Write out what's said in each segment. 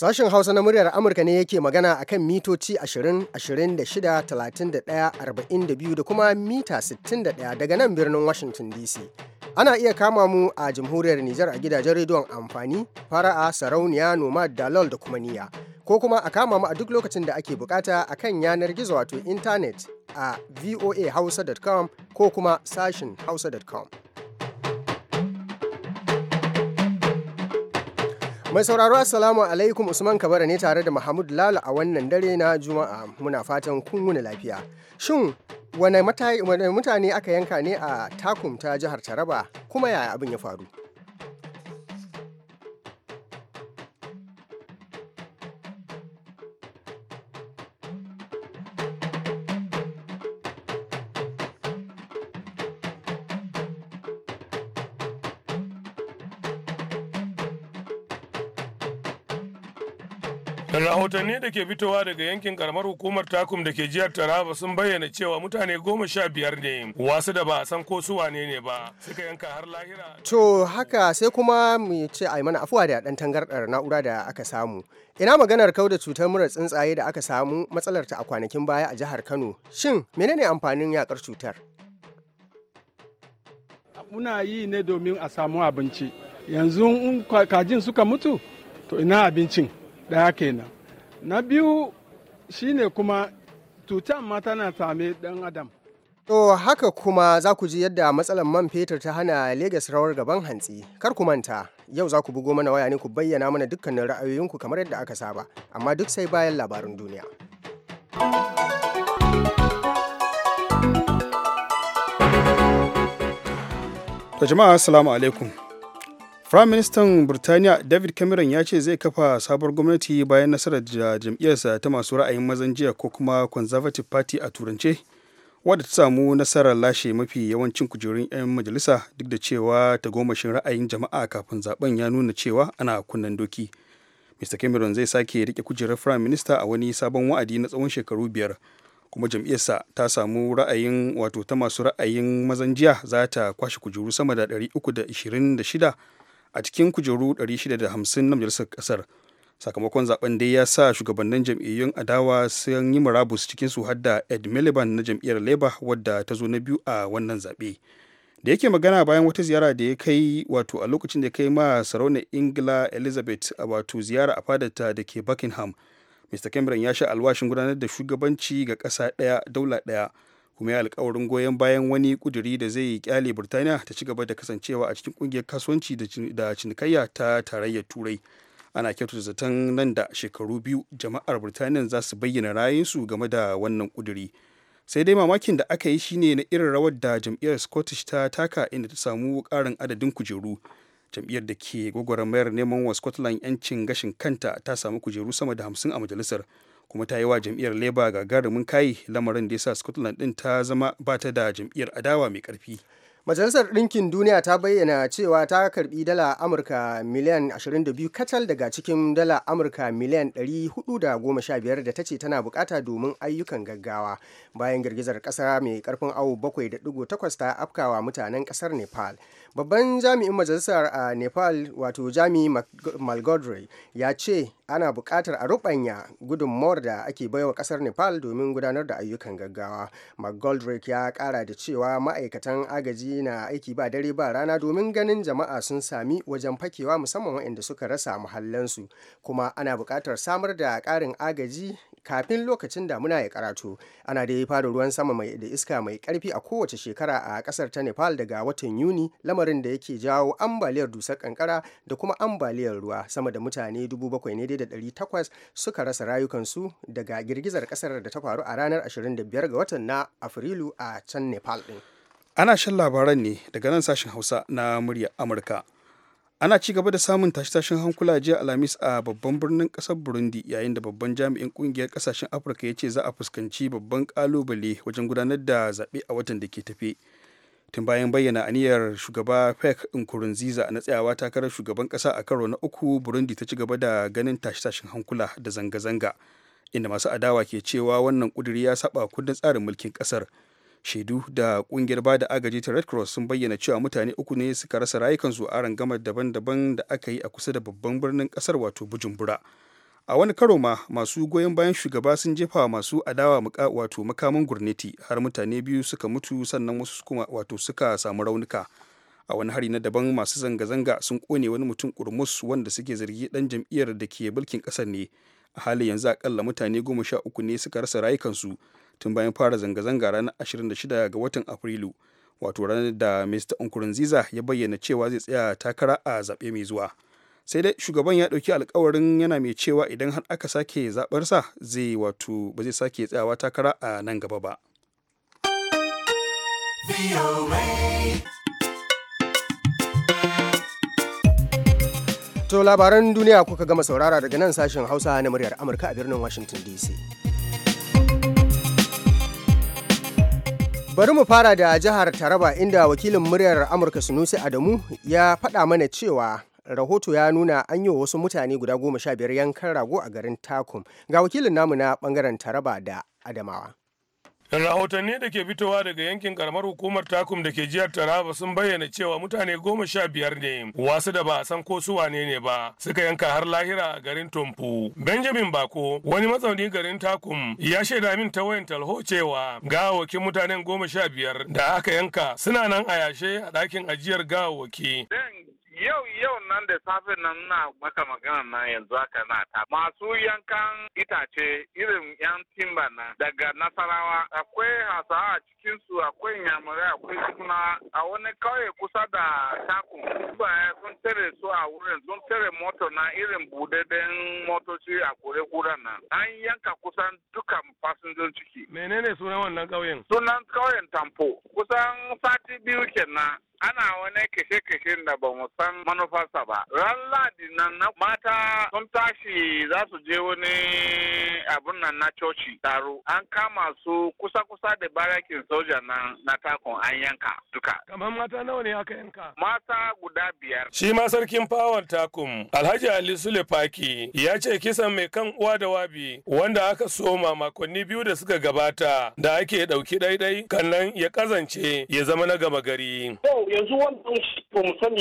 Sashen Hausa na muryar Amurka ne yake magana a kan mitoci 20, 26, 31, 42 da kuma mita 61 daga nan birnin Washington DC. Ana iya kama mu a jamhuriyar Nijar a gidajen rediyon amfani, fara'a, sarauniya, nomad, dalol da kuma niya. Ko kuma a kama mu a duk lokacin da ake bukata a kan yanar gizo wato intanet a voahausa.com ko kuma sashin hausa.com. Mai sauraro Assalamu alaikum Usman Kabara ne tare da Mahmud lalu a wannan dare na Juma'a muna fatan kun wuni lafiya. Shin wane mutane aka yanka ne a takum ta jihar Taraba kuma yaya abin ya faru? rahotanni da ke fitowa daga yankin karamar hukumar takum da ke jihar taraba sun bayyana cewa mutane goma sha biyar ne wasu da ba a san ko su wane ne ba suka yanka har lahira to haka sai kuma mu ce a mana afuwa da dan tangardar na'ura da aka samu ina maganar kau da cutar mura tsuntsaye da aka samu matsalar ta a kwanakin baya a jihar kano shin menene amfanin yakar cutar muna yi ne domin a samu abinci yanzu in kajin suka mutu to ina abincin daya kenan na biyu shine kuma cutar ma tana same dan adam To haka kuma za ku ji yadda matsalar man fetur ta hana Legas rawar gaban hantsi. Kar ku manta, yau za ku bugo mana waya ne ku bayyana mana dukkanin ra'ayoyinku kamar yadda aka saba, amma duk sai bayan labarin duniya. To jama'a assalamu alaikum. Firaministan Burtaniya David Cameron ya ce zai kafa sabuwar gwamnati bayan nasarar da jam'iyyarsa ta masu ra'ayin mazan jiya ko kuma Conservative Party a turance, wadda ta samu nasarar lashe mafi yawancin kujerun 'yan majalisa duk da cewa ta gomashin ra'ayin jama'a kafin zaben ya nuna cewa ana kunnen doki. Mr. Cameron zai sake rike kujerar minister a wani sabon wa'adi na tsawon shekaru biyar. kuma jam'iyyarsa ta samu ra'ayin wato ta masu ra'ayin mazan jiya za ta kwashe kujeru sama da 326 a cikin kujeru 650 na majalisar kasar sakamakon zaben dai ya sa shugabannin jam'iyyun adawa sun yi murabus cikin su hadda ed miliban na jam'iyyar labour wadda ta zo na biyu a wannan zaɓe da yake magana bayan wata ziyara da ya kai wato a lokacin da ya kai ma sarauniyar ingila elizabeth a wato ziyara a fadata da ke buckingham mr cameron ya sha alwashin gudanar da shugabanci ga ƙasa ɗaya daula ɗaya kuma ya alkawarin goyon bayan wani kuduri da zai kyale burtaniya ta ci gaba da kasancewa a cikin kungiyar kasuwanci da cinikayya ta tarayyar turai ana kyautata zaton nan da shekaru biyu jama'ar burtaniya za su bayyana su game da wannan kuduri sai dai mamakin da aka yi shine na irin rawar da jam'iyyar scottish ta taka inda ta samu karin adadin kujeru jam'iyyar da ke gwagwarmayar neman wa scotland 'yancin gashin kanta ta samu kujeru sama da hamsin a majalisar kuma ta yi wa jam'iyyar labour gagarumin kayi lamarin da ya sa scotland din ta zama ba ta da jam'iyyar adawa mai karfi Majalisar Ɗinkin Duniya ta bayyana cewa ta karbi dala Amurka miliyan 22 kacal daga cikin dala Amurka miliyan 415 da ta ce tana bukata domin ayyukan gaggawa bayan girgizar ƙasa mai karfin awo 7.8 ta afkawa mutanen ƙasar Nepal. Babban jami'in majalisar a Nepal wato Jami Malgodre ya ce ana bukatar a rubanya gudunmawar da ake baiwa kasar Nepal domin gudanar da ayyukan gaggawa. McGoldrick ya kara da cewa ma'aikatan agaji na aiki ba dare ba rana domin ganin jama'a sun sami wajen fakewa musamman waɗanda suka rasa muhallansu kuma ana buƙatar samar da ƙarin agaji kafin lokacin da muna ya karatu ana da ya fara ruwan sama mai da iska mai karfi a kowace shekara a kasar ta nepal daga watan yuni lamarin da yake jawo ambaliyar dusar kankara da kuma ambaliyar ruwa sama da mutane 7,800 suka rasa rayukansu daga girgizar kasar da ta faru a ranar 25 ga watan na afrilu a can nepal din ana shan labaran ne daga nan sashen hausa na murya amurka ana ci gaba da samun tashe-tashen hankula jiya alhamis a babban birnin kasar burundi yayin da babban jami'in kungiyar kasashen afirka ya ce za a fuskanci babban kalubale wajen gudanar da zaɓe a watan da ke tafe tun bayan bayyana aniyar shugaba pek nkurunziza na tsayawa takarar shugaban kasa a karo na uku burundi ta ci gaba da ganin tashe-tashen hankula da zanga-zanga inda masu adawa ke cewa wannan kuduri ya saba kundin tsarin mulkin kasar shaidu da kungiyar bada agaji ta red cross sun bayyana cewa mutane uku ne suka rasa rayukansu a rangamar daban-daban da aka yi a kusa da babban birnin kasar wato bujumbura a wani karo ma masu goyon bayan shugaba sun jefa masu adawa muka wato makamin gurneti har mutane biyu suka mutu sannan wasu kuma wato suka samu raunuka a wani hari na daban masu zanga-zanga sun kone wani mutum kurmus wanda suke zargi dan jam'iyyar da ke mulkin kasar ne a halin yanzu akalla mutane goma sha uku ne suka rasa rayukansu tun bayan fara zanga-zanga ranar 26 ga watan afrilu wato ranar da mr nkurunziza ya bayyana cewa zai tsaya takara a zaɓe mai zuwa sai dai shugaban ya ɗauki alkawarin yana mai cewa idan har aka sake zaɓarsa zai wato ba zai sake tsayawa takara a nan gaba ba To labaran duniya kuka gama saurara daga nan sashen Hausa na muryar Amurka a birnin Washington DC. Bari mu fara da jihar Taraba inda wakilin muryar Amurka Sunusi Adamu ya faɗa mana cewa rahoto ya nuna an yi wasu mutane guda goma sha biyar yankan rago a garin Takum. Ga wakilin namu na ɓangaren Taraba da Adamawa. Rahotanni da ke fitowa daga yankin karamar hukumar takum da ke jihar Taraba sun bayyana cewa mutane goma sha biyar ne wasu da ba a san ko su wane ne ba suka yanka har lahira a garin Tumfu. Benjamin Bako wani mazauni garin takum ya shaida min ta wayan talho cewa gawawakin mutanen goma sha biyar da aka yanka suna nan a yashe a ɗakin ajiyar gawawaki. yau yau nan da safe nan na maka magana na yanzu haka na ta masu yankan itace irin yan timba na daga nasarawa akwai hasa a cikin su akwai nyamurai akwai suna a wani kauye kusa da takun ba sun tare su a wurin sun tare moto na irin budadden motoci a kore kuran nan an yanka kusan dukan fasinjojin ciki menene sunan wannan kauyen sunan kauyen tampo kusan sati biyu kenan ana wani kashe-kashen da ba mu san manufa fasa ba ran ladi nan na mata sun tashi za su je wani abun nan na coci taro an kama su kusa kusa da barakin soja nan na takon an yanka duka kamar mata nawa ne aka yanka mata guda biyar shi ma sarkin fawon takum alhaji ali sule faki ya ce kisan mai kan uwa da wabi wanda aka soma makonni biyu da suka gabata da ake dauki daidai kannan ya kazance ya zama na gama gari yanzu wannan shi ba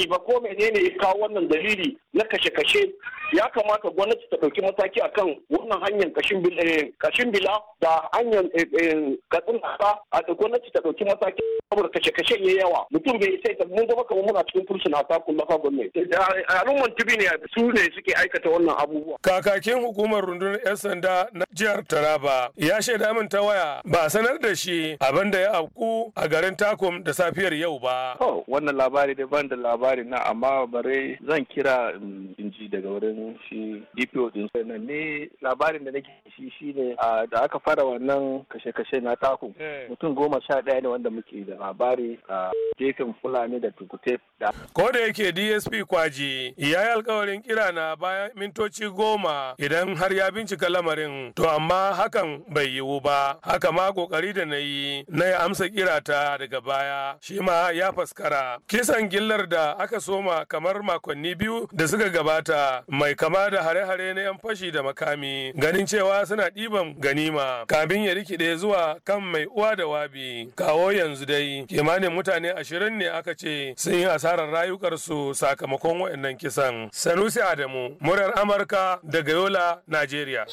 ba ko menene kawo wannan dalili na kashe-kashe ya kamata gwamnati ta ɗauki mataki akan wannan hanyar kashin eh, bila da hanyar eh, eh, katsin hasa a gwamnati ta ɗauki mataki saboda kashe-kashe ya yawa mutum bai sai ta mun zama kamar muna cikin kursun hasa kun lafa gwamnati al'umman tibi ne su ne suke aikata wannan abubuwa. kakakin hukumar rundunar 'yan sanda na jihar taraba ya shaida min ta waya ba sanar da shi abin da ya afku a garin takum da safiyar yau ba. wannan labari da ban da labari na amma bari labarai zan kira in ji daga wurin shi dpo din sannan ne labarin da nake shi shine da aka fara wannan kashe-kashe na taku eh. mutum goma sha ɗaya ne wanda muke da labari a gefen fulani da tukute da ko da yake dsp kwaji ya yi alkawarin kira na bayan mintoci goma idan har ya bincika lamarin to amma hakan bai yiwu ba haka ma kokari da na yi na ya amsa kira ta daga baya shi ma ya faskara kisan gillar da aka soma kamar kamar makonni biyu da suka gabata mai kama da hare-hare na 'yan fashi da makami ganin cewa suna ɗiban ganima kamin ya rikide zuwa kan mai uwa da wabi kawo yanzu dai kimanin mutane ashirin ne aka ce sun yi asarar rayukarsu sakamakon waɗannan kisan sanusi adamu murar amurka daga yola najeriya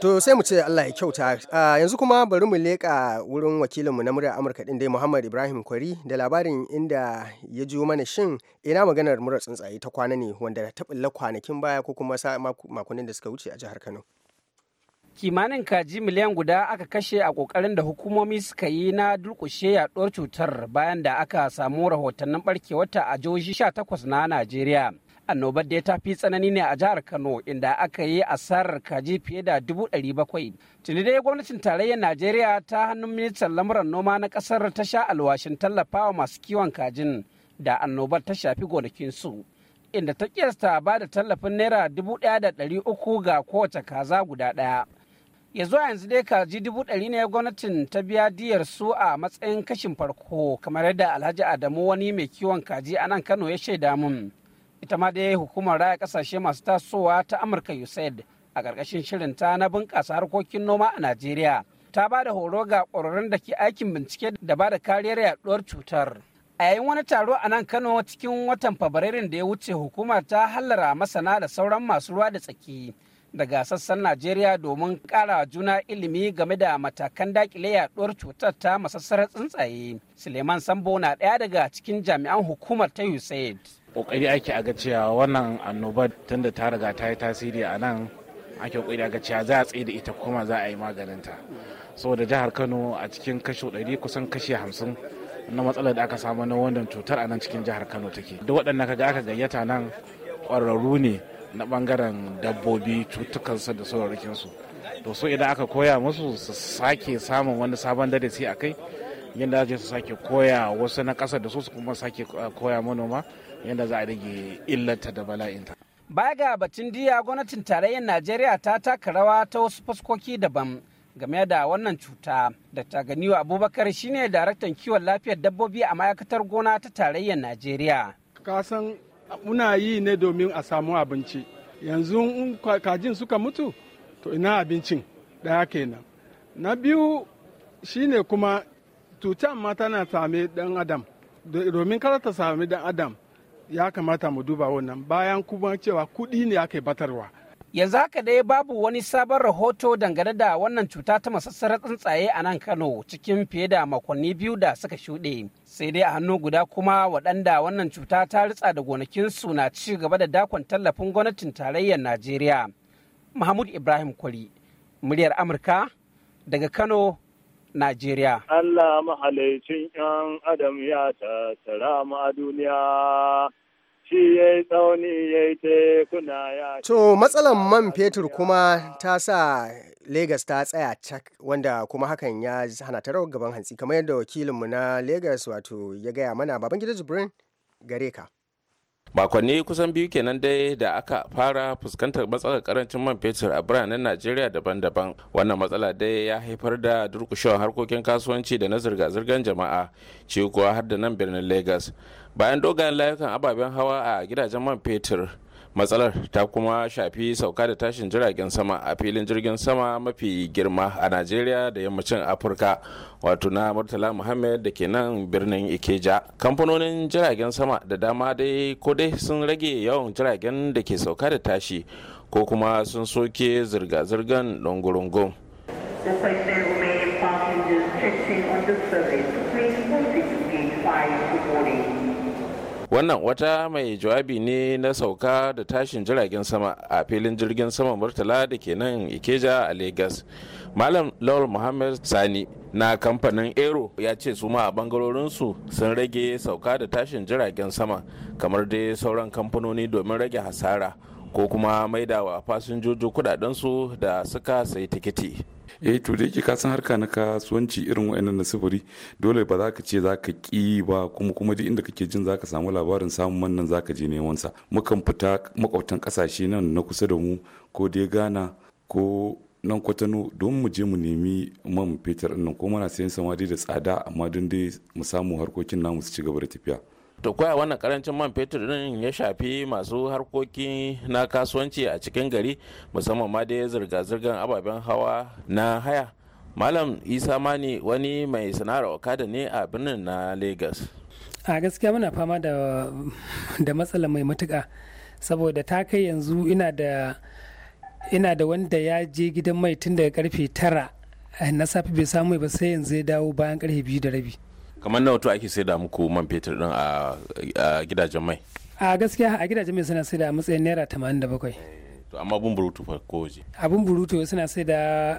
to sai mu ce allah ya kyauta a yanzu kuma bari mu leƙa wurin wakilinmu na muryar amurka ɗin dai muhammad ibrahim kwari da labarin inda ya ji mana shin ina maganar murar tsuntsaye ta kwana ne wanda ta ɓulla kwanakin baya ko kuma makonnin da suka wuce a jihar kano kimanin kaji miliyan guda aka kashe a kokarin da hukumomi suka yi na durkushe yaɗuwar cutar bayan da aka samu rahotannin wata a jihohi 18 na najeriya annobar da ta fi tsanani ne a jihar kano inda aka yi asarar kaji fiye da dubu ɗari bakwai tuni dai gwamnatin tarayyar najeriya ta hannun ministan lamuran noma na kasar ta sha alwashin tallafawa masu kiwon kajin da annobar ta shafi gonakinsu inda ta kiyasta ba da tallafin naira dubu ɗaya da ɗari uku ga kowace kaza guda ɗaya ya zuwa yanzu dai kaji dubu ɗari ne gwamnatin ta biya diyar su a matsayin kashin farko kamar yadda alhaji adamu wani mai kiwon kaji a nan kano ya shaida mun ita ma dai hukumar raya kasashe masu tasowa ta amurka usaid a ƙarƙashin shirinta na bunƙasa harkokin noma a najeriya ta ba da horo ga ƙwararrun da ke aikin bincike da ba da kariyar yaduwar cutar a yayin wani taro a nan kano cikin watan fabrairun da ya wuce hukumar ta hallara masana da sauran masu ruwa da tsaki daga sassan najeriya domin kara juna ilimi game da matakan dakile yaɗuwar cutar ta masassarar tsuntsaye suleiman sambo na ɗaya daga cikin jami'an hukumar ta usaid kokari ake aga cewa wannan annobar tunda ta riga ta yi tasiri a nan ake kokari aga cewa za a tsaye da ita kuma za a yi maganinta saboda jihar kano a cikin kashi ɗari kusan kashi hamsin na matsalar da aka samu na wannan cutar a nan cikin jihar kano take duk waɗannan kaga aka gayyata nan ƙwararru ne na ɓangaren dabbobi cutukansu da sauraronsu to so idan aka koya musu su sake samun wani sabon darasi a kai yadda za su sake koya wasu na ƙasa da su kuma sake eh, koya manoma yadda za a rage illata da bala'inta. Baya ga batun diya gwamnatin tarayyar Najeriya ta taka rawa ta wasu fuskoki daban game da wannan cuta. Dr. Ganiwa Abubakar shine daraktan kiwon lafiyar dabbobi a ma'aikatar gona ta tarayyar Najeriya. Kasan muna yi ne domin a samu abinci. Yanzu in kajin suka mutu to ina abincin daya kenan. Na biyu shine kuma cutan ma tana same dan adam domin kada ta sami dan adam ya kamata mu duba wannan bayan kuma cewa kuɗi ne ake batarwa. Yanzu haka dai babu wani sabon rahoto dangane da wannan cuta ta masassarar tsuntsaye a nan Kano cikin fiye da makonni biyu da suka shuɗe. Sai dai a hannu guda kuma waɗanda wannan cuta ta ritsa da gonakinsu na ci gaba da dakon tallafin gwamnatin tarayyar Najeriya. Mahmud Ibrahim Kwari, muryar Amurka daga Kano, Najeriya. Allah mahalicin ‘yan Adam ya tattara mu a duniya, shi ya yi tsauni ya yi tekuna ya To matsalar man fetur kuma ta sa Legas ta tsaya cak wanda kuma hakan ya hana ta rawar gaban hantsi kamar yadda wakilinmu na Legas wato ya gaya mana baban gida Jibrin gare ka. makonni kusan biyu kenan dai da aka fara fuskantar matsalar karancin man fetur a biranen najeriya daban-daban wannan matsala dai ya haifar da durkushewar harkokin kasuwanci da na zirga-zirgar jama'a ci kuwa har da nan birnin lagos bayan dogayen layukan ababen hawa a gidajen man fetur matsalar ta kuma shafi sauka da tashin jiragen sama a filin jirgin sama mafi girma a najeriya da yammacin afirka wato na murtala muhammed da ke nan birnin ikeja kamfanonin jiragen sama da dama dai ko dai sun rage yawan jiragen da ke sauka da tashi ko kuma sun soke zirga-zirgan gurungun wannan wata mai jawabi ne na sauka da tashin jiragen sama a filin jirgin sama murtala da ke nan ikeja a lagos malam lawal muhammad sani na kamfanin aero ya ce su ma a bangarorinsu sun rage sauka da tashin jiragen sama kamar dai sauran kamfanoni domin rage hasara ko kuma maida wa fasinjoji kudadensu da suka sayi tikiti eh to da yake ka san harka na kasuwanci irin wa'annan na sufuri dole ba za ka ce za ka ki ba kuma kuma duk inda kake jin za ka samu labarin samun wannan nan za ka je neman sa mukan fita makwabtan kasashe nan na kusa da mu ko dai gana ko nan kwatano don mu je mu nemi man fetur nan ko muna sayan samadi da tsada amma don dai mu samu harkokin namu su ci gaba da tafiya to koya wannan karancin man fetur din ya shafi masu harkoki na kasuwanci a cikin gari musamman ma dai zirga-zirgar ababen hawa na haya malam isa mani wani mai sana'ar okada ne a birnin na lagos a gaskiya muna fama da matsala mai matuka saboda ta kai yanzu ina da wanda ya je gidan mai tun daga karfe tara na safe bai samu ba sai yanzu ya dawo bayan karfe biyu da rabi kamar nawa to ake sai da muku man fetur din a gidajen mai a gaskiya a gidajen mai suna sai da matsayin naira bakwai to amma abun burutu fa ko waje abun burutu suna sai da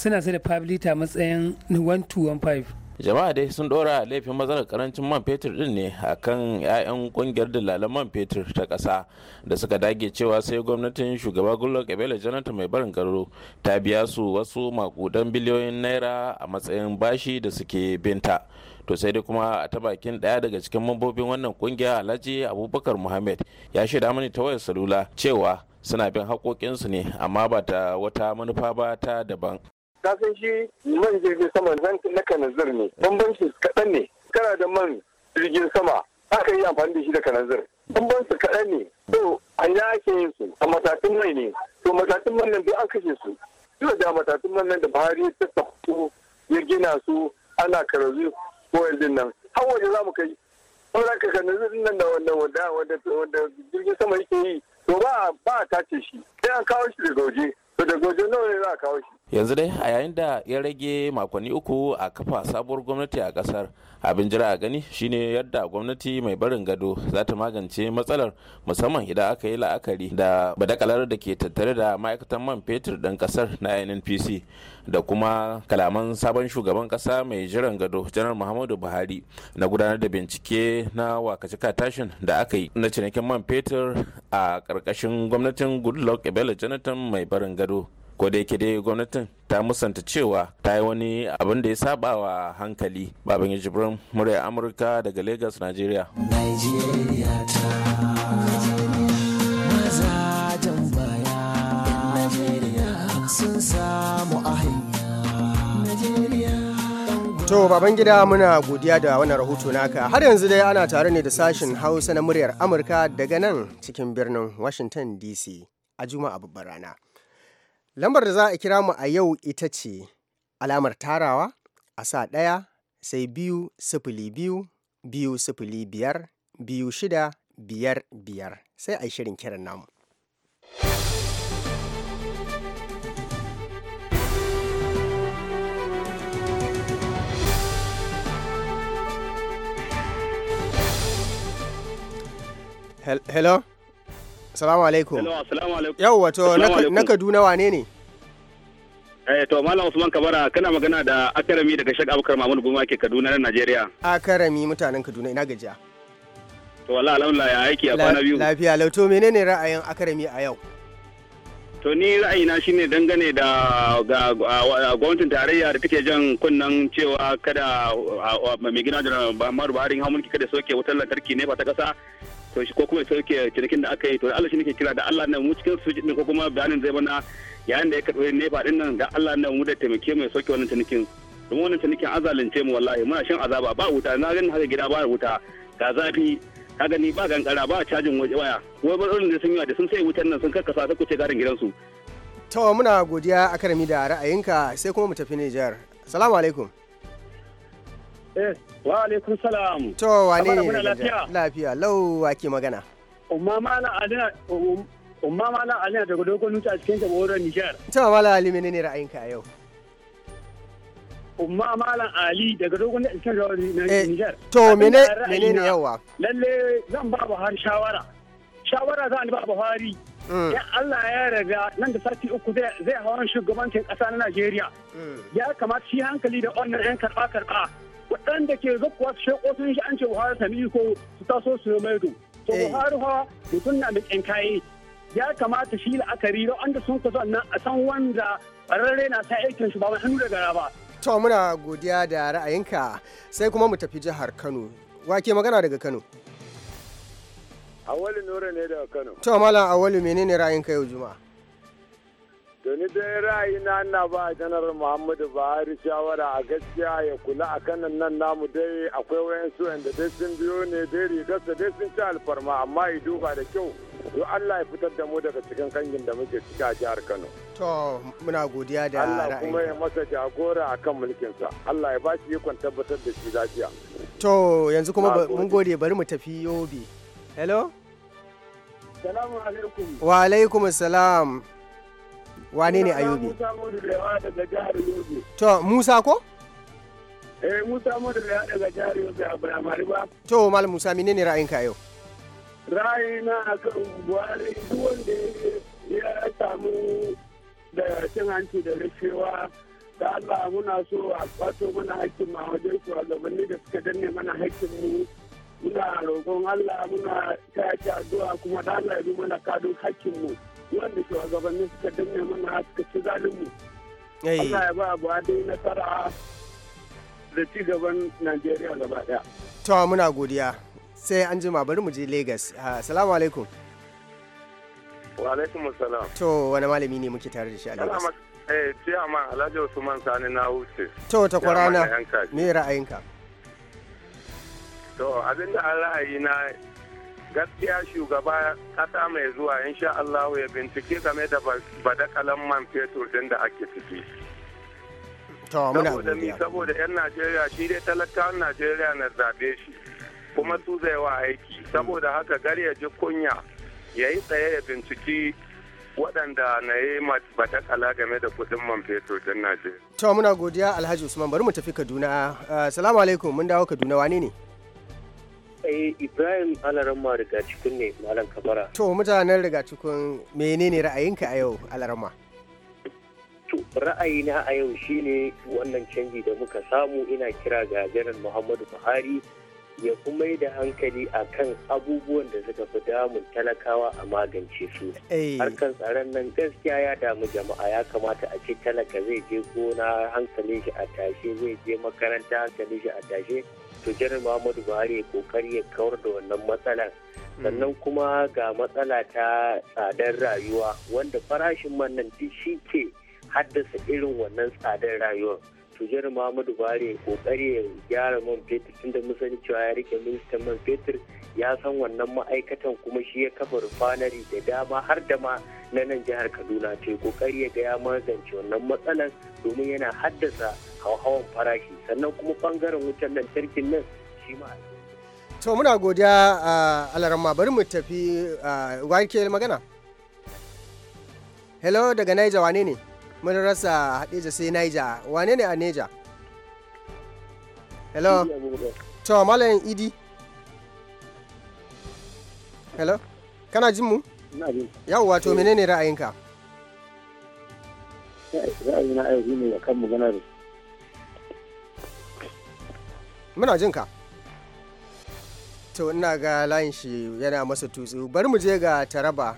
suna sai da fablita matsayin 1215 jama'a dai sun dora laifin matsalar karancin man fetur din ne akan 'ya'yan kungiyar dillalan man fetur ta ƙasa da suka dage cewa sai gwamnatin shugaba goodluck ebele jonathan mai barin garo ta biya su wasu makudan biliyoyin naira a matsayin bashi da suke binta to sai dai kuma a ta bakin daya daga cikin mambobin wannan kungiya alhaji abubakar muhammad ya shaida mani ta wayar salula cewa suna bin haƙoƙinsu ne amma ba ta wata manufa ba ta daban ka san shi man jirgin sama na kanazir ne bambancin kaɗan ne kana da man jirgin sama aka yi amfani da shi da kanazir bambancin kaɗan ne to a ya ake yin su a matakin mai ne to matakin man nan duk an kashe su duk da matakin man nan da buhari ta ya gina su ana karazu boyel din nan har waje za mu kai sauran ka kan nan da wanda wanda wanda jirgin sama yake yi to ba ba a tace shi sai an kawo shi daga waje to daga waje nawa ne za a kawo shi yanzu dai a yayin da ya rage makonni uku a kafa sabuwar gwamnati a kasar abin jira a gani shine yadda gwamnati mai barin gado za ta magance matsalar musamman idan aka yi la'akari da badakalar da ke tattare da ma'aikatan man fetur ɗin kasar na nnpc da kuma kalaman sabon shugaban kasa mai jiran gado janar muhammadu buhari na gudanar da bincike na wakacika tashin da aka yi na cinikin man fetur a ƙarƙashin gwamnatin goodluck ebele jonathan mai barin gado ko da yake dai gwamnatin ta musanta cewa ta yi wani abin da ya saba wa hankali baban ya jibrin murya amurka daga lagos nigeria To baban gida muna godiya da wannan rahoto naka har yanzu dai ana tare ne da sashen hausa na muryar amurka daga nan cikin birnin washington dc a juma'a babbar rana Lambar da za a kira mu a yau ita ce alamar tarawa a sa ɗaya sai biyu sifili biyu biyu sifili biyar biyu shida biyar biyar sai a yi shirin kiran namu. Hello? Salamu alaikum. Salamu alaikum. Yau wato na Kaduna wane ne? Eh to Malam Usman Kabara kana magana da Akarami daga Shek Abubakar mamudu Buma ke Kaduna na Najeriya. Akarami mutanen Kaduna ina gajiya. To wallahi alhamdulillah ya aiki a kwana biyu. Lafiya lau to menene ra'ayin Akarami a yau? To ni ra'ayina shine dangane da ga gwamnatin tarayya da take jan kunnan cewa kada mai gina da Muhammadu Buhari hamunki kada soke wutar lantarki ne ba ta kasa ko shi ko kuma ya sauke cinikin da aka yi to da Allah shi nake kira da Allah na mu cikin su ko kuma bayanin zai bana yayin da ya karɓi nefa din nan da Allah na mu da taimake mu ya sauke wannan cinikin don wannan cinikin an zalunce mu wallahi muna shan azaba ba wuta na ganin haka gida ba wuta ga zafi ka gani ba gankara ba cajin waje waya wai ba da sun yi da sun sai wutan nan sun karkasa ta kuce garin gidansu to muna godiya akarami da ra'ayinka sai kuma mu tafi Nijar assalamu alaikum Eh, wa alaikum salam. To wane ne lafiya? Lafiya magana. Umma mala adina um, umma daga dogon nuta a cikin jamhuriyar Nijar. To mala Ali ra'ayinka a yau? Umma Ali daga dogon da cikin jamhuriyar eh, Nijar. To mene menene yawa? Lalle zan ba Buhari shawara. Shawara zan ba Buhari. Mm. ya Allah ya raga nan da sati uku zai hawan shugabancin ƙasa na Najeriya. Mm. Ya kamata shi hankali da wannan 'yan karɓa-karɓa. waɗanda ke kuwa su sheko sun shi an ce buhari sami iko su taso su yi maido to eh. buhari fa mutum na da kaye ya kamata shi la'akari da wanda sun kaso a san wanda ƙwararre na sa aikin shi ba mai hannu da gara ba. to muna godiya da ra'ayinka sai kuma mu tafi jihar kano wake magana daga kano. awali nura ne daga kano. to malam awali menene ra'ayinka yau juma'a. Doni dai ra'ayina na ba a janar Muhammadu Buhari shawara a gaskiya ya kula a kanan nan namu dai akwai wayansu da dai sun biyo ne dai rigarsa dai sun ci alfarma amma yi duba da kyau to Allah ya fitar da mu daga cikin kangin da muke cika a jihar Kano. To muna godiya da ra'ayi. Allah kuma ya masa jagora akan mulkinsa. Allah ya ba shi ikon tabbatar da shi lafiya. To yanzu kuma mun gode bari mu tafi Yobe. Hello? Salamu alaikum. Wa alaikum salam. wane ne ayubi to musa ko eh musa modu lewa daga jihar yobe a firamare ba to mal musa menene ka yau ra'ayina akan buhari duk wanda ya samu da cin hanci da rufewa da Allah muna so a kwato mana hakkin ma wajen shugabanni da suka danne mana hakkin mu muna roƙon Allah muna ta addu'a kuma da Allah ya bi mana kadun hakkin mu wanda shugabanni suka danne mana suka ci zalimu Allah ya ba abu dai nasara da ci gaban Najeriya gaba daya to muna godiya sai an jima bari mu je Lagos assalamu alaikum wa alaikum assalam to wani malami ne muke tare da shi a Lagos eh ciyama Alhaji Usman Sani na wuce to ta kwarana me ra'ayinka to abinda an ra'ayi na gaskiya shugaba kasa mai zuwa in sha Allah ya bincike game da badakalan man fetur din da ake ciki. Saboda ni saboda 'yan Najeriya shi dai talakawan Najeriya na zabe shi kuma su zai wa aiki saboda haka gar ya ji kunya ya yi tsaye ya binciki waɗanda na yi batakala game da kuɗin man fetur din Najeriya. To muna godiya Alhaji Usman bari mu tafi Kaduna. Uh, salamu alaikum mun dawo Kaduna wane ne? tsaye Ibrahim Alarama Rigacikun ne Malam Kamara. To mutanen Rigacikun menene ra'ayinka a yau Alarama? To ra'ayina a yau shine wannan canji da muka samu ina kira ga janar Muhammadu Buhari ya kuma yi da hankali a kan abubuwan da suka fi damun talakawa a magance su. Eh. Harkar tsaron nan gaskiya ya damu jama'a ya kamata a ce talaka zai je gona hankalin shi a tashe zai je makaranta hankalin shi a tashe wato janar muhammadu buhari ya kokari ya kawar da wannan matsalar sannan mm. kuma ga matsala ta tsadar rayuwa wanda farashin man nan duk shi ke haddasa irin wannan tsadar rayuwar tujar muhammadu buhari kokari ya gyara man fetur tunda mun sani cewa ya rike ministan man fetur ya san wannan ma'aikatan kuma shi ya kafa rufanari da dama har da ma na nan jihar kaduna ce kokari ya ga ya magance wannan matsalar domin yana haddasa hauhawan farashi sannan kuma bangaren wutar lantarkin nan shi ma to muna godiya a Alarama bari mu tafi wake magana hello daga naija wane ne mun rasa hadeja sai naija wane ne a neja hello to malayin idi hello kana jin mu yawwa to eh. menene ra'ayinka eh, ra'ayina ayyuki ne akan maganar muna jinka to ina ga layin shi yana masa tutsu bari mu je ga taraba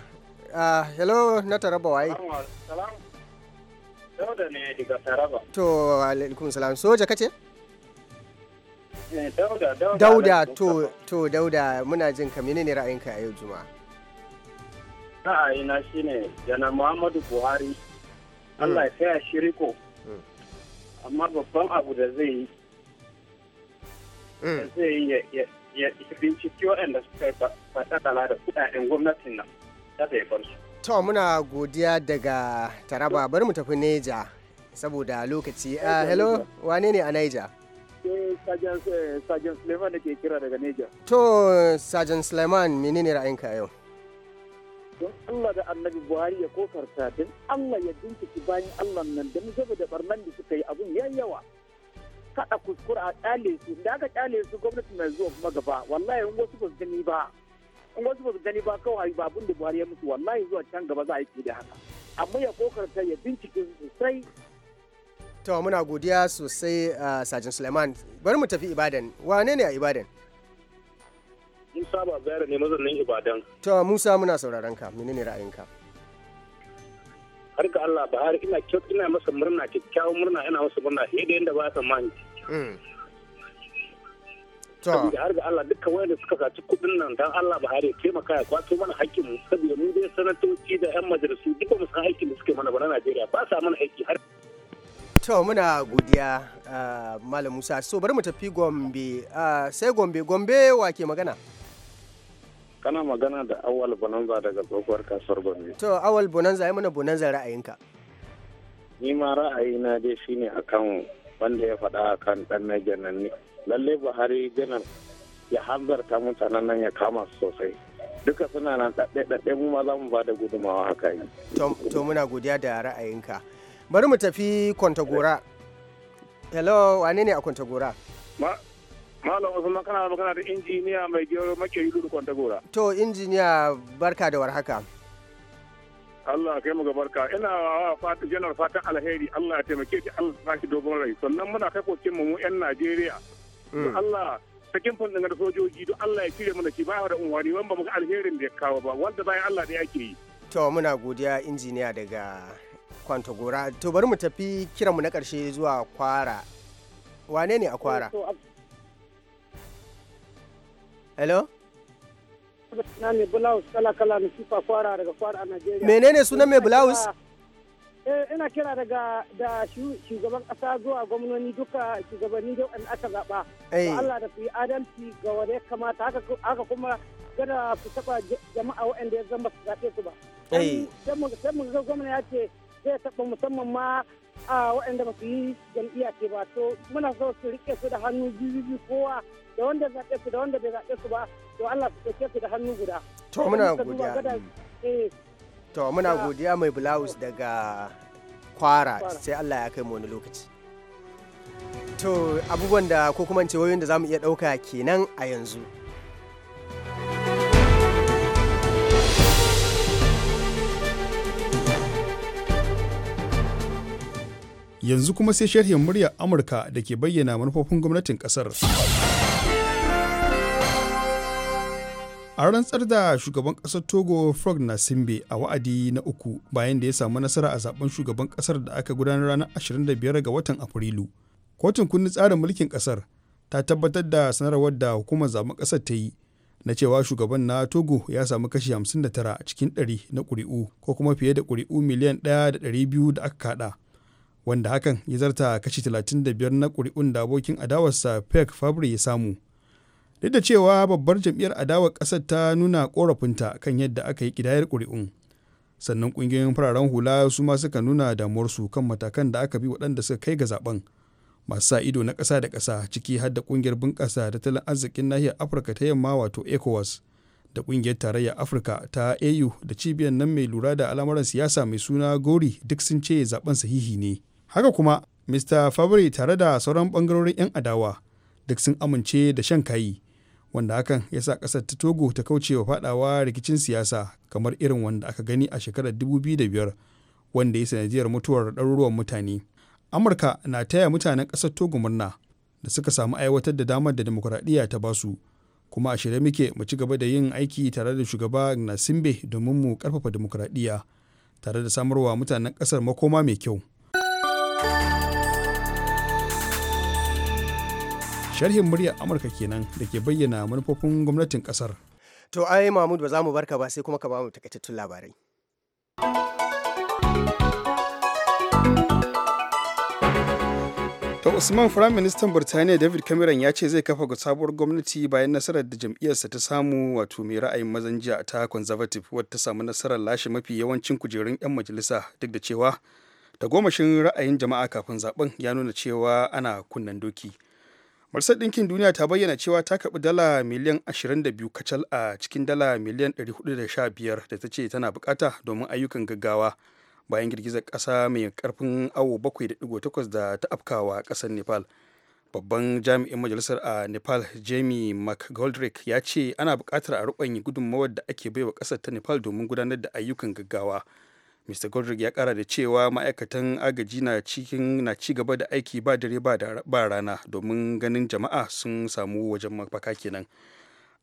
uh, hello na taraba waye Dauda ne daga Taraba. To, alaikum salam. Soja kace? Eh, Dauda, Dauda. Dauda, to, to Dauda, muna jin ka menene ra'ayinka a yau Juma'a? Ra'ayina ne, Janar Muhammadu Buhari. Allah ya kai hmm. a shiriko. Hmm. Amma babban abu da zai yi hmm. zai yi ya binciki waɗanda suka yi faɗaɗala da kuɗaɗen gwamnatin nan ta bai bar su. to muna godiya daga taraba bari mu tafi neja saboda lokaci eh, ah, hello wane ne a neja eh, Sajan eh, Suleiman da ke kira daga Neja. To, Sajan Suleiman menene ra'ayinka yau? Don Allah da annabi Buhari ya kokarta don Allah ya binciki bayan Allah nan don saboda barnan da suka yi abun ya yawa. Kada kuskura a kyale su, da aka kyale su gwamnati mai zuwa kuma gaba, wallahi wasu ba su gani ba. in wasu ba su gani ba kawai ba abin da buhari ya musu wallahi zuwa can gaba za a yi da haka amma ya kokarta ya bincike sosai to muna godiya sosai a sajin suleiman bari mu tafi ibadan wane ne a ibadan musa ba zaira ne mazaunin ibadan to musa muna sauraron ka menene ra'ayinka har ga Allah har ina ina masa murna kyakkyawan murna ina masa murna sai da yanda ba ta tsammani mm. saboda har ga Allah dukkan wanda suka saci kudin nan dan Allah Buhari ya taimaka ya kwato mana hakkin mu saboda mu dai sanatoci da yan majalisu duk ba mu san aikin da suke mana ba na Najeriya ba sa mana aiki har to muna godiya ah, malam Musa so bari mu tafi Gombe ah, sai Gombe Gombe wa ke magana kana magana da awal bonanza daga tsohuwar kasuwar gombe to awal bonanza ya mana bonanza ra'ayinka ni ma ra'ayina dai shine akan wanda ya faɗa akan dan najan nan lalle buhari janar ya hanzarta mutanen nan ya kama su sosai duka suna nan ɗaɗɗaɗɗe mu ma za mu ba da gudumawa haka yi to muna godiya da ra'ayinka bari mu tafi kwantagora hello wane ne a kwantagora malam makana kana magana da injiniya mai gero make yi da kwantagora to injiniya barka da warhaka Allah kai mu barka ina wa fata janar fatan alheri Allah ya taimake ki Allah ya dogon rai sannan muna kai kokin mu mu yan Najeriya Allah sakin fon da sojoji duk Allah ya cire mana shi ba da unwani wanda muka alherin da ya kawo ba wanda bayan Allah da yake yi to muna godiya injiniya daga Gora. to bari mu tafi kiran mu na karshe zuwa Kwara wane ne a Kwara Hello Sunana ne Blouse kala kala na sifa Kwara daga Kwara a Najeriya Menene sunan mai Blouse Eh, ina kira daga da shugaban kasa zuwa gwamnoni duka shugabanni da waɗanda aka zaɓa. Eh. Allah da su yi adalci ga wanda ya kamata haka kuma gada su taɓa jama'a waɗanda ya zama su zaɓe su ba. Eh. Sai mu ga gwamna ya ce zai taɓa musamman ma a waɗanda ba su yi jam'iyya ce ba to muna so su rike su da hannu biyu kowa da wanda zaɓe su da wanda bai zaɓe su ba to Allah su ɗauke su da hannu guda. To muna godiya. to muna godiya mai blouse daga kwara sai allah ya kai mu wani lokaci to abubuwan da ko kuma ce wayoyin da za mu iya ɗauka kenan a yanzu yanzu kuma sai sharhin muryar amurka da ke bayyana manufofin gwamnatin kasar a rantsar da shugaban ƙasar togo frog na simbe a wa'adi na uku bayan da ya samu nasara a zaben shugaban ƙasar da aka gudanar ranar 25 ga watan afrilu kotun kundin tsarin mulkin ƙasar ta tabbatar da sanarwar da hukumar zaben ƙasar ta yi na cewa shugaban na togo ya samu kashi 59 cikin 100 na ƙuri'u ko kuma fiye da ƙuri'u miliyan 1.200 da aka kaɗa wanda hakan ya zarta kashi 35 na ƙuri'un da abokin adawarsa pek fabri ya samu duk da cewa babbar jam'iyyar adawar ƙasar ta nuna korafinta kan yadda aka yi kidayar ƙuri'un sannan ƙungiyoyin fararen hula su ma suka nuna damuwarsu kan matakan da aka bi waɗanda suka kai ga zaben masu sa ido na ƙasa da ƙasa ciki har da ƙungiyar bunƙasa tattalin arzikin nahiyar afirka ta yamma wato ecowas da ƙungiyar tarayyar afirka ta au da cibiyar nan mai lura da al'amuran siyasa mai suna gori duk sun ce zaben sahihi ne haka kuma mista fabri tare da sauran ɓangarorin 'yan adawa duk sun amince da shan kayi wanda hakan ya sa ƙasar ta togo ta kauce wa fadawa rikicin siyasa kamar irin wanda aka gani a shekarar 2005 wanda ya sanadiyar mutuwar ɗaruruwan mutane amurka na taya mutanen ƙasar togo murna da suka samu aiwatar da damar da demokuraɗiyya ta basu kuma a shirye muke mu ci gaba da yin aiki tare da shugaba na simbe domin mu ƙarfafa demokuraɗiyya tare da samarwa mutanen ƙasar makoma mai kyau sharhin muryar amurka kenan da ke bayyana manufofin gwamnatin kasar to ai mahmud ba za mu barka ba sai kuma ka ba mu takaitattun labarai ta usman firaministan birtaniya david cameron ya ce zai kafa ga sabuwar gwamnati bayan nasarar da jam'iyyarsa ta samu wato mai ra'ayin mazan jiya ta conservative wadda ta samu nasarar lashe mafi yawancin kujerun 'yan majalisa duk da cewa da tagomashin ra'ayin jama'a kafin zaben ya nuna cewa ana kunnen doki Marsar Ɗinkin Duniya ta bayyana cewa ta kaɓi dala miliyan 22 kacal a cikin dala miliyan 415 da ta ce tana bukata domin ayyukan gaggawa bayan girgizar ƙasa mai karfin awo 7.8 da ta afkawa ƙasar Nepal. Babban jami'in majalisar a Nepal, Jamie McGoldrick, ya ce ana buƙatar a ruɓanya gudunmawar da ake baiwa ƙasar ta Nepal domin gudanar da ayyukan gaggawa. mr godric ya kara da cewa ma'aikatan agaji na cikin na ci gaba da aiki ba dare ba rana domin ganin jama'a sun samu wajen mafaka kenan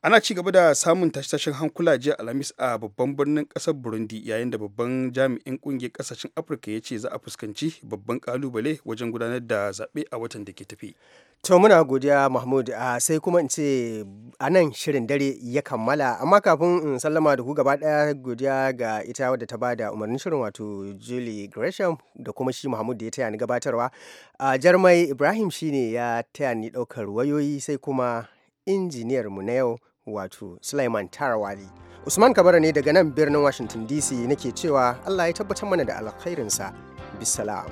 ana ci gaba da samun tashe hankula jiya alhamis a babban birnin kasar burundi yayin da babban jami'in kungiyar kasashen afirka ya ce za a fuskanci babban kalubale wajen gudanar da zaɓe a watan da ke tafi to muna godiya mahmud a sai kuma in ce a nan shirin dare ya kammala amma kafin in sallama da ku gaba daya godiya ga ita wadda ta bada umarnin shirin wato julie gresham da kuma shi mahmud da ya taya ni gabatarwa a jarmai ibrahim shine ya taya ni daukar wayoyi sai kuma injiniyar mu na yau wato Sulaiman Tarawali. Usman Kabara ne daga nan birnin Washington DC nake cewa Allah ya tabbatar mana da alkhairinsa. Bisalam.